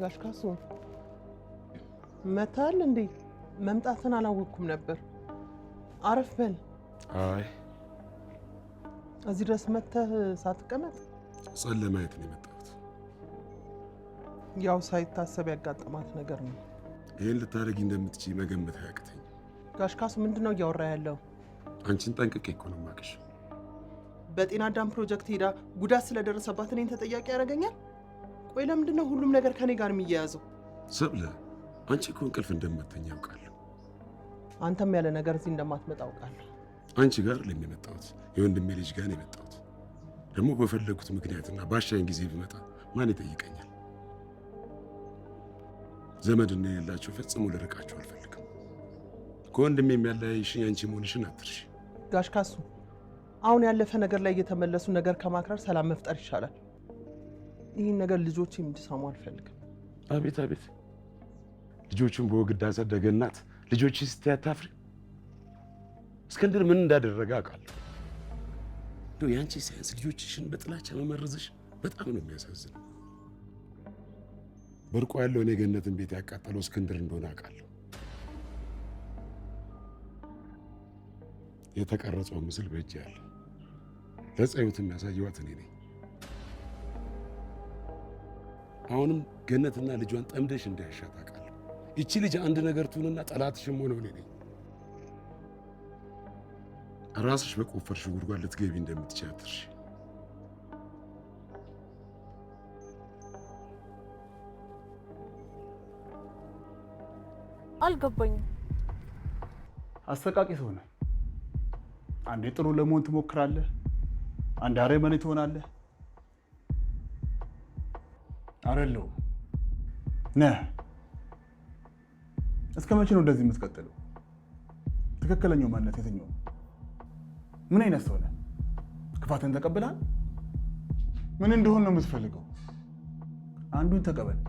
ጋሽ ካሱ መታል እንዴ? መምጣትን አላወቅኩም ነበር። አረፍ በል። አይ እዚህ ድረስ መተህ ሳትቀመጥ ጸል ለማየት ነው የመጣሁት። ያው ሳይታሰብ ያጋጠማት ነገር ነው። ይህን ልታደርጊ እንደምትችይ መገመት አያቅተኝ። ጋሽ ካሱ ምንድን ነው እያወራ ያለው? አንቺን ጠንቅቄ እኮ ነው የማውቅሽ። በጤና አዳም ፕሮጀክት ሄዳ ጉዳት ስለደረሰባት እኔን ተጠያቂ ያደርገኛል? ቆይ ለምንድን ነው ሁሉም ነገር ከኔ ጋር የሚያያዘው? ሰብለ፣ አንቺ እኮ እንቅልፍ እንደማተኛ አውቃለሁ። አንተም ያለ ነገር እዚህ እንደማትመጣ አውቃለሁ። አንቺ ጋር ለሚመጣሁት የወንድሜ ልጅ ጋር የመጣሁት ደግሞ በፈለጉት ምክንያትና ባሻይን ጊዜ ብመጣ ማን ይጠይቀኛል? ዘመድና የሌላቸው ፈጽሞ ልርቃቸው አልፈልግም። ከወንድሜ የሚያለያይሽኝ አንቺ መሆንሽን አትርሺ። ጋሽ ካሱ፣ አሁን ያለፈ ነገር ላይ እየተመለሱ ነገር ከማክረር ሰላም መፍጠር ይሻላል። ይህን ነገር ልጆች እንዲሰሙ አልፈልግም። አቤት አቤት፣ ልጆቹን በወግድ አጸደገ። እናት ልጆች ስትይ አታፍሪ? እስክንድር ምን እንዳደረገ አውቃለሁ። እንደው የአንቺ ሳያንስ ልጆችሽን በጥላቻ መመረዝሽ በጣም ነው የሚያሳዝነ በርቆ ያለውን የገነትን ቤት ያቃጠለው እስክንድር እንደሆነ አውቃለሁ። የተቀረጸው ምስል በእጅ ያለ ለጸዩት የሚያሳየዋት እኔ ነኝ። አሁንም ገነትና ልጇን ጠምደሽ እንዳያሻት አውቃለሁ። ይቺ ልጅ አንድ ነገር ትሁንና ጠላትሽም ሆነው እኔ ነኝ። ራስሽ በቆፈርሽ ጉድጓድ ልትገቢ እንደምትችይ አልገባኝም። አሰቃቂ ትሆነ። አንዴ ጥሩ ለመሆን ትሞክራለህ፣ አንዴ አረመኔ ትሆናለህ። አረለው? ነህ። እስከ መቼ ነው እንደዚህ የምትቀጥለው? ትክክለኛው ማንነት የትኛው? ምን አይነት ሰው ነህ? ክፋትን ተቀብላል? ምን እንደሆን ነው የምትፈልገው? አንዱን ተቀበል